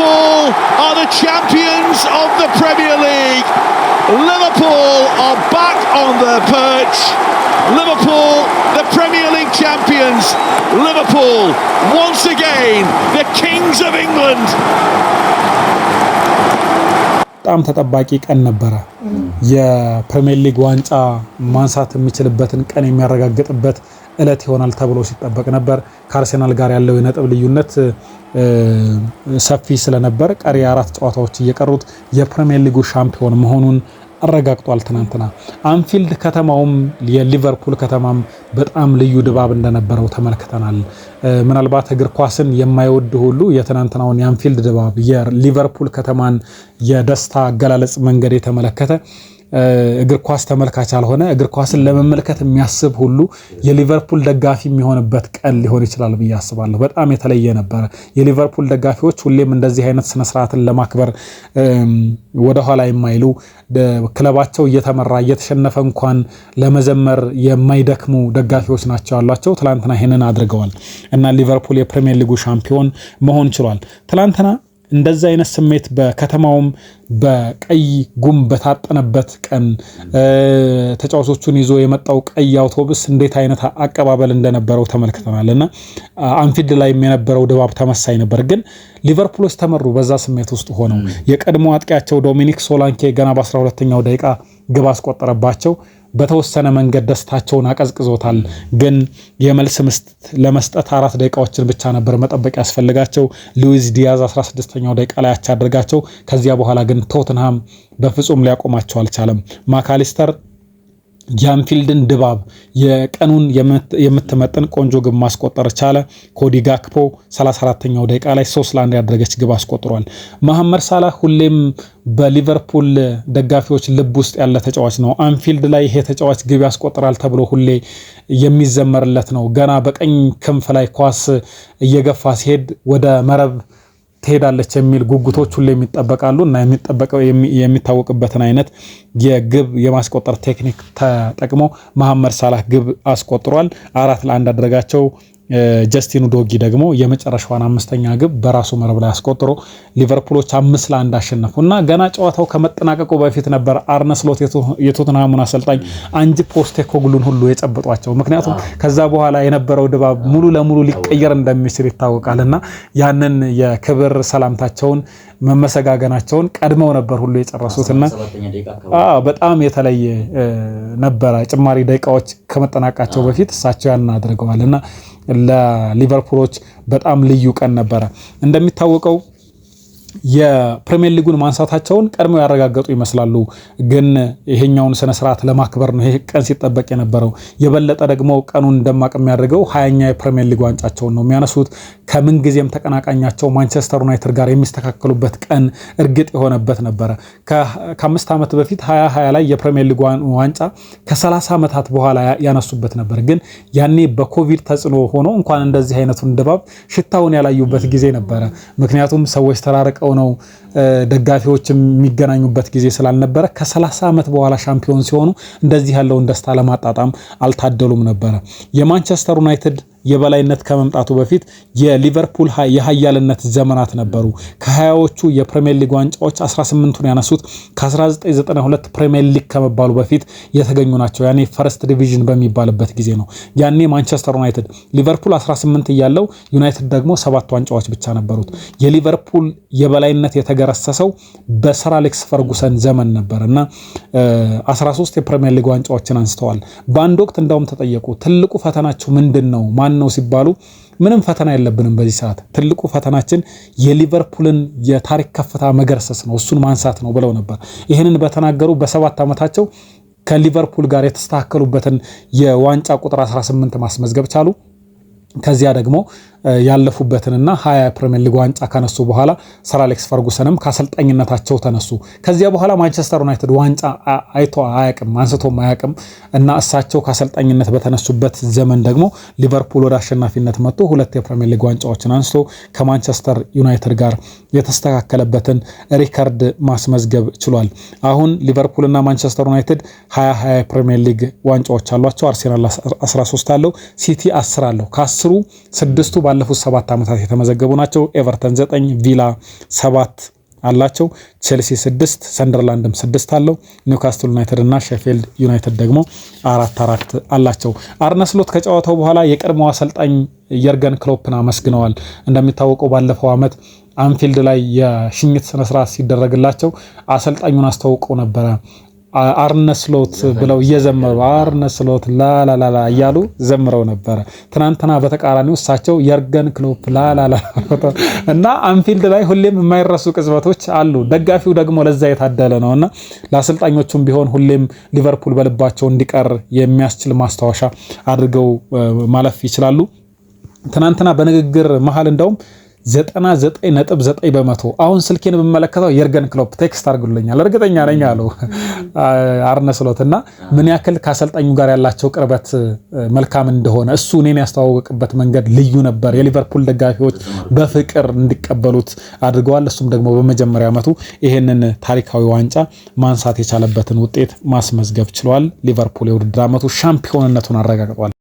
Liverpool are the champions of the Premier League. Liverpool are back on their perch. Liverpool, the Premier League champions. Liverpool, once again, the kings of England. በጣም ተጠባቂ ቀን ነበረ። የፕሪሚየር ሊግ ዋንጫ ማንሳት የሚችልበትን ቀን የሚያረጋግጥበት እለት ይሆናል ተብሎ ሲጠበቅ ነበር። ከአርሴናል ጋር ያለው የነጥብ ልዩነት ሰፊ ስለነበር ቀሪ አራት ጨዋታዎች እየቀሩት የፕሪሚየር ሊጉ ሻምፒዮን መሆኑን አረጋግጧል። ትናንትና አንፊልድ ከተማውም የሊቨርፑል ከተማም በጣም ልዩ ድባብ እንደነበረው ተመልክተናል። ምናልባት እግር ኳስን የማይወድ ሁሉ የትናንትናውን የአንፊልድ ድባብ የሊቨርፑል ከተማን የደስታ አገላለጽ መንገድ የተመለከተ እግር ኳስ ተመልካች አልሆነ እግር ኳስን ለመመልከት የሚያስብ ሁሉ የሊቨርፑል ደጋፊ የሚሆንበት ቀን ሊሆን ይችላል ብዬ አስባለሁ። በጣም የተለየ ነበረ። የሊቨርፑል ደጋፊዎች ሁሌም እንደዚህ አይነት ስነስርዓትን ለማክበር ወደኋላ የማይሉ ክለባቸው እየተመራ እየተሸነፈ እንኳን ለመዘመር የማይደክሙ ደጋፊዎች ናቸው ያሏቸው። ትላንትና ይህንን አድርገዋል እና ሊቨርፑል የፕሪሚየር ሊጉ ሻምፒዮን መሆን ችሏል። ትላንትና እንደዚ አይነት ስሜት በከተማውም በቀይ ጉም በታጠነበት ቀን ተጫዋቾቹን ይዞ የመጣው ቀይ አውቶቡስ እንዴት አይነት አቀባበል እንደነበረው ተመልክተናል እና አንፊልድ ላይም የነበረው ድባብ ተመሳይ ነበር። ግን ሊቨርፑሎች ተመሩ። በዛ ስሜት ውስጥ ሆነው የቀድሞ አጥቂያቸው ዶሚኒክ ሶላንኬ ገና በ12ኛው ደቂቃ ግብ አስቆጠረባቸው። በተወሰነ መንገድ ደስታቸውን አቀዝቅዞታል። ግን የመልስ ምስት ለመስጠት አራት ደቂቃዎችን ብቻ ነበር መጠበቅ ያስፈልጋቸው። ሉዊዝ ዲያዝ 16ኛው ደቂቃ ላይ አቻ አድርጋቸው። ከዚያ በኋላ ግን ቶትንሃም በፍጹም ሊያቆማቸው አልቻለም። ማካሊስተር ጃንፊልድን ድባብ የቀኑን የምትመጥን ቆንጆ ግብ ማስቆጠር ቻለ። ኮዲ ጋክፖ 34ተኛው ደቂቃ ላይ ሶስት ለአንድ ያደረገች ግብ አስቆጥሯል። መሐመድ ሳላህ ሁሌም በሊቨርፑል ደጋፊዎች ልብ ውስጥ ያለ ተጫዋች ነው። አንፊልድ ላይ ይሄ ተጫዋች ግብ ያስቆጥራል ተብሎ ሁሌ የሚዘመርለት ነው። ገና በቀኝ ክንፍ ላይ ኳስ እየገፋ ሲሄድ ወደ መረብ ትሄዳለች የሚል ጉጉቶች ሁሌም የሚጠበቃሉ እና የሚጠበቀው የሚታወቅበትን አይነት የግብ የማስቆጠር ቴክኒክ ተጠቅሞ መሐመድ ሳላህ ግብ አስቆጥሯል። አራት ለአንድ አደረጋቸው። ጀስቲን ዶጊ ደግሞ የመጨረሻዋን አምስተኛ ግብ በራሱ መረብ ላይ አስቆጥሮ ሊቨርፑሎች አምስት ለአንድ አሸነፉ እና ገና ጨዋታው ከመጠናቀቁ በፊት ነበር አርነ ስሎት የቶትናሙን አሰልጣኝ አንጅ ፖስቴኮግሉን ሁሉ የጨበጧቸው። ምክንያቱም ከዛ በኋላ የነበረው ድባብ ሙሉ ለሙሉ ሊቀየር እንደሚችል ይታወቃል እና ያንን የክብር ሰላምታቸውን መመሰጋገናቸውን ቀድመው ነበር ሁሉ የጨረሱት እና በጣም የተለየ ነበረ ጭማሪ ደቂቃዎች ከመጠናቃቸው በፊት እሳቸው ያን አድርገዋል እና ለሊቨርፑሎች በጣም ልዩ ቀን ነበረ እንደሚታወቀው የፕሪሚየር ሊጉን ማንሳታቸውን ቀድመው ያረጋገጡ ይመስላሉ። ግን ይሄኛውን ስነስርዓት ለማክበር ነው ይሄ ቀን ሲጠበቅ የነበረው። የበለጠ ደግሞ ቀኑን ደማቅ የሚያደርገው ሀያኛ የፕሪሚየር ሊግ ዋንጫቸውን ነው የሚያነሱት። ከምንጊዜም ተቀናቃኛቸው ማንቸስተር ዩናይትድ ጋር የሚስተካከሉበት ቀን እርግጥ የሆነበት ነበረ። ከአምስት ዓመት በፊት ሀያ ሀያ ላይ የፕሪሚየር ሊግ ዋንጫ ከሰላሳ ዓመታት በኋላ ያነሱበት ነበር። ግን ያኔ በኮቪድ ተጽዕኖ ሆኖ እንኳን እንደዚህ አይነቱን ድባብ ሽታውን ያላዩበት ጊዜ ነበረ። ምክንያቱም ሰዎች ተራርቀ አጠናቀው ነው ደጋፊዎች የሚገናኙበት ጊዜ ስላልነበረ ከ30 ዓመት በኋላ ሻምፒዮን ሲሆኑ እንደዚህ ያለውን ደስታ ለማጣጣም አልታደሉም ነበረ። የማንቸስተር ዩናይትድ የበላይነት ከመምጣቱ በፊት የሊቨርፑል የሀያልነት ዘመናት ነበሩ። ከሀያዎቹ የፕሪሚየር ሊግ ዋንጫዎች 18ቱን ያነሱት ከ1992 ፕሪሚየር ሊግ ከመባሉ በፊት የተገኙ ናቸው። ያኔ ፈርስት ዲቪዥን በሚባልበት ጊዜ ነው። ያኔ ማንቸስተር ዩናይትድ ሊቨርፑል 18 እያለው ዩናይትድ ደግሞ ሰባት ዋንጫዎች ብቻ ነበሩት። የሊቨርፑል የበላይነት የተገረሰሰው በሰር አሌክስ ፈርጉሰን ዘመን ነበር እና 13 የፕሪሚየር ሊግ ዋንጫዎችን አንስተዋል። በአንድ ወቅት እንዳውም ተጠየቁ፣ ትልቁ ፈተናቸው ምንድን ነው ማን ነው ሲባሉ ምንም ፈተና የለብንም። በዚህ ሰዓት ትልቁ ፈተናችን የሊቨርፑልን የታሪክ ከፍታ መገርሰስ ነው፣ እሱን ማንሳት ነው ብለው ነበር። ይህንን በተናገሩ በሰባት ዓመታቸው ከሊቨርፑል ጋር የተስተካከሉበትን የዋንጫ ቁጥር 18 ማስመዝገብ ቻሉ። ከዚያ ደግሞ ያለፉበትንና ሀያ ፕሪሚየር ሊግ ዋንጫ ከነሱ በኋላ ሰር አሌክስ ፈርጉሰንም ከአሰልጣኝነታቸው ተነሱ። ከዚያ በኋላ ማንቸስተር ዩናይትድ ዋንጫ አይቶ አያቅም አንስቶም አያቅም እና እሳቸው ከአሰልጣኝነት በተነሱበት ዘመን ደግሞ ሊቨርፑል ወደ አሸናፊነት መጥቶ ሁለት የፕሪሚየር ሊግ ዋንጫዎችን አንስቶ ከማንቸስተር ዩናይትድ ጋር የተስተካከለበትን ሪከርድ ማስመዝገብ ችሏል። አሁን ሊቨርፑልና ማንቸስተር ዩናይትድ ሀያ ሀያ ፕሪሚየር ሊግ ዋንጫዎች አሏቸው። አርሴናል 13 አለው፣ ሲቲ 10 አለው። ከአስሩ ስድስቱ ባለፉት ሰባት ዓመታት የተመዘገቡ ናቸው። ኤቨርተን ዘጠኝ ቪላ ሰባት አላቸው። ቼልሲ ስድስት ሰንደርላንድም ስድስት አለው። ኒውካስትል ዩናይትድ እና ሼፊልድ ዩናይትድ ደግሞ አራት አራት አላቸው። አርነ ስሎት ከጨዋታው በኋላ የቀድሞው አሰልጣኝ የርገን ክሎፕን አመስግነዋል። እንደሚታወቀው ባለፈው ዓመት አንፊልድ ላይ የሽኝት ስነስርዓት ሲደረግላቸው አሰልጣኙን አስተዋውቀው ነበረ። አርነስሎት ብለው እየዘመሩ አርነስሎት ላላላላ እያሉ ዘምረው ነበረ። ትናንትና በተቃራኒው እሳቸው የርገን ክሎፕ ላላላ እና አንፊልድ ላይ ሁሌም የማይረሱ ቅጽበቶች አሉ። ደጋፊው ደግሞ ለዛ የታደለ ነው እና ለአሰልጣኞቹም ቢሆን ሁሌም ሊቨርፑል በልባቸው እንዲቀር የሚያስችል ማስታወሻ አድርገው ማለፍ ይችላሉ። ትናንትና በንግግር መሀል እንደውም 99.9 በመቶ አሁን ስልኬን ብመለከተው የርገን ክሎፕ ቴክስት አድርግልኛል እርግጠኛ ነኝ አሉ አርነ ስሎት እና ምን ያክል ከአሰልጣኙ ጋር ያላቸው ቅርበት መልካም እንደሆነ እሱ እኔን ያስተዋወቅበት መንገድ ልዩ ነበር። የሊቨርፑል ደጋፊዎች በፍቅር እንዲቀበሉት አድርገዋል። እሱም ደግሞ በመጀመሪያ ዓመቱ ይህንን ታሪካዊ ዋንጫ ማንሳት የቻለበትን ውጤት ማስመዝገብ ችሏል። ሊቨርፑል የውድድር ዓመቱ ሻምፒዮንነቱን አረጋግጧል።